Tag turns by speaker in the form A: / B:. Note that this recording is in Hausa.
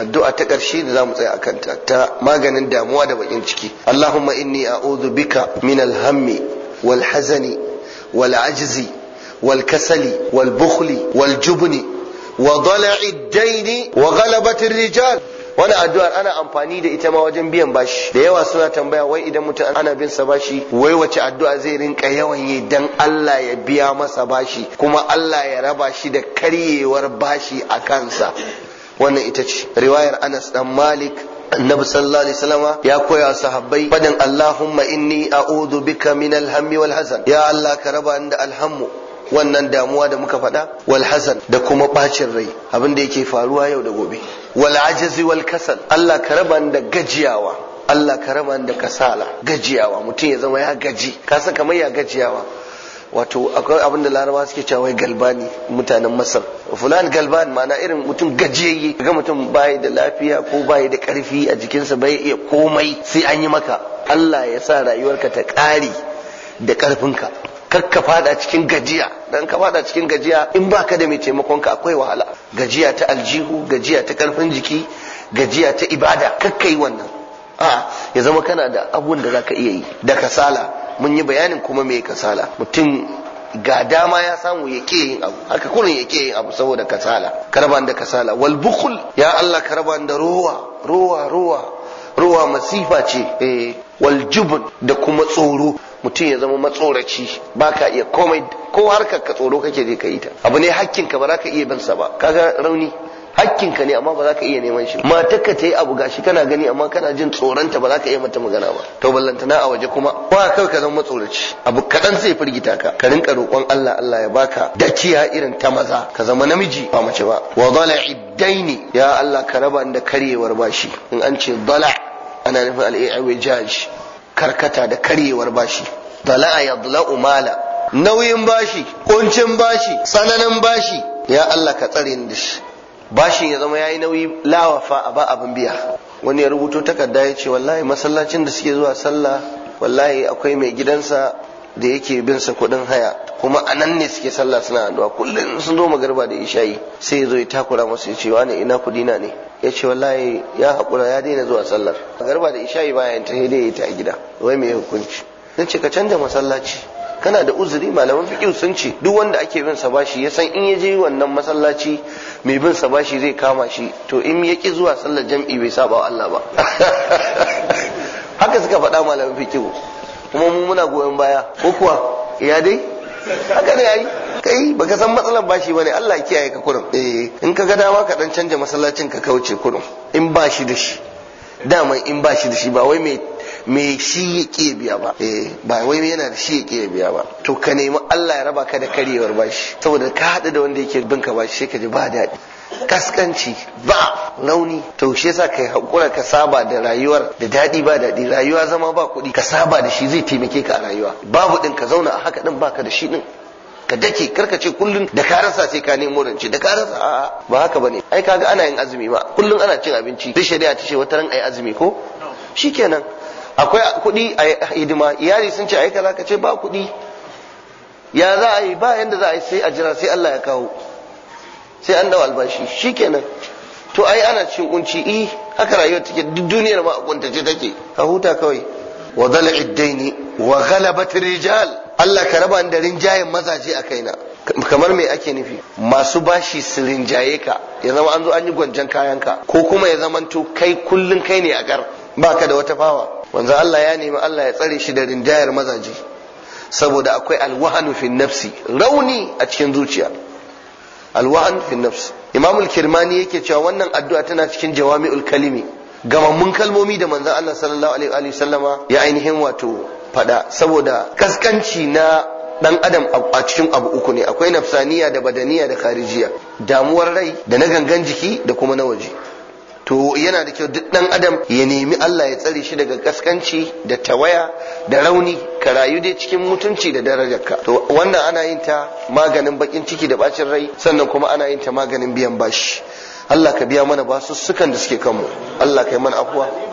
A: addu'a ta ƙarshe da za mu tsaya a kanta ta maganin damuwa da bakin ciki Allahumma inni a'udhu bika min alhammi wal hazani wal ajzi wal kasali wal bukhli wal jubni wa dala'i daini wa rijal wani addu'ar ana amfani da ita ma wajen biyan bashi da yawa suna tambaya wai idan mutum ana bin sa bashi wai wace addu'a zai rinka yawan yi dan Allah ya biya masa bashi kuma Allah ya raba shi da karyewar bashi a kansa wannan ita ce riwayar Anas dan Malik annabi sallallahu alaihi ya koya sahabbai fadin Allahumma inni a'udhu bika min alhammi wal hazan ya Allah ka raba ni da alhammu wannan damuwa da muka faɗa wal da kuma bacin rai abin da yake faruwa yau da gobe wal ajazi wal kasal Allah ka raba da gajiyawa Allah ka raba da kasala gajiyawa mutum ya zama ya gaji ka san kamar ya gajiyawa wato akwai abin da larabawa suke cewa wai galbani mutanen masar fulan galban mana irin mutum gajiyayye ga mutum bai da lafiya ko bai da karfi a jikinsa bai iya komai sai an yi maka Allah ya sa rayuwarka ta ƙari da ƙarfinka kar ka fada cikin gajiya dan ka fada cikin gajiya in baka da mai taimakon ka akwai wahala gajiya ta aljihu gajiya ta ƙarfin jiki gajiya ta ibada kakkai wannan a ya zama kana da abun da zaka iya yi da kasala mun yi bayanin kuma mai kasala mutum ga dama ya samu ya ke yin abu haka kullum ya ke yin abu saboda kasala karban da kasala wal bukhul ya Allah karban da ruwa ruwa ruwa, ruwa masifa ce waljubun, eh, wal da kuma tsoro mutum ya zama matsoraci ba ka iya komai ko harkar ka tsoro kake je ka yi ta abu ne hakkin ba za ka iya bansa sa ba kaga rauni hakkin ka ne amma ba za ka iya neman shi ka ta yi abu gashi kana gani amma kana jin ta ba za ka iya mata magana ba to ballantana a waje kuma ba kai ka zama matsoraci abu kaɗan zai firgita ka ka rinka roƙon Allah Allah ya baka daciya irin ta maza ka zama namiji ba mace ba wa dala iddaini ya Allah ka raba da karyewar bashi in an ce dala ana nufin Al al-i'wijaj karkata da karyewar bashi dala ya umala. nauyin bashi kuncin bashi tsananin bashi ya Allah ka tsare ni da shi bashin ya zama yayi nauyi lawafa a ba abin biya wani ya rubuto takarda ya ce wallahi masallacin da suke zuwa sallah wallahi akwai mai gidansa da yake bin sa kuɗin haya kuma a nan ne suke sallah suna addu'a kullum sun zo magarba da ishayi sai ya zo ya takura masa ya ce wani ina kudina ne ya ce wallahi ya haƙura ya daina zuwa sallar magarba da ishayi baya ta dai ya ta a gida wai mai hukunci zan ce ka canja masallaci kana da uzuri malaman fiqh sun ce duk wanda ake bin sa bashi ya san in yaje wannan masallaci mai bin sa bashi zai kama shi to in ya ki zuwa sallar jam'i bai saba wa Allah ba haka suka faɗa malaman fiqh kuma mu muna goyon baya ko kuwa ya dai haka ne ai kai baka san matsalar bashi bane Allah ya kiyaye ka kurin eh in ka ga dama ka dan canja masallacin ka kauce kurin in bashi da shi dama in bashi da shi ba wai mai me shi ya ke biya ba eh ba wai yana da shi ya biya ba to ka nemi Allah ya raba ka da karyewar bashi saboda ka hada da wanda yake bin ka bashi sai ka ji ba daɗi kaskanci ba rauni to shi yasa kai hakura ka saba da rayuwar da daɗi ba daɗi rayuwa zama ba kuɗi ka saba da shi zai taimake ka a rayuwa babu din ka zauna a haka din baka da shi din ka dake karka ce kullun da ka rasa sai ka nemo rance da ka rasa ba haka bane ai kaga ana yin azumi ba kullun ana cin abinci duk shari'a ta ce wata ran ai azumi ko shikenan akwai kuɗi a hidima iyali sun ce ayi kaza ka ce ba kuɗi ya za a yi ba yanda za a yi sai a jira sai Allah ya kawo sai an dawo albashi shikenan to ai ana cin kunci i haka rayuwar take duk duniyar ma a kuntace take ka huta kawai wa dala iddaini wa ghalabat rijal Allah ka raba da rinjayen mazaje a kaina kamar me ake nufi masu bashi su rinjaye ka ya zama an zo an yi gwanjan kayan ka. ko kuma ya zamanto kai kullun kai ne a gar baka da wata fawa wanzu Allah ya nemi Allah ya tsare shi da rinjayar mazaje saboda akwai alwahanu fi nafsi rauni a cikin zuciya alwahan fi nafsi imamul kirmani yake cewa wannan addu'a tana cikin jawami'ul kalimi gamammun kalmomi da manzon Allah sallallahu alaihi wa sallama ya ainihin wato fada saboda kaskanci na dan adam a cikin abu uku ne akwai nafsaniya da badaniya da kharijiya damuwar rai da na gangan jiki da kuma na waje to yana da kyau duk dan adam ya nemi Allah ya tsare shi daga kaskanci da tawaya da rauni ka rayu dai cikin mutunci da darajarka to wannan ana yin ta maganin bakin ciki da bacin rai sannan kuma ana yin ta maganin biyan bashi Allah ka biya mana basussukan da suke kanmu Allah ka yi mana afuwa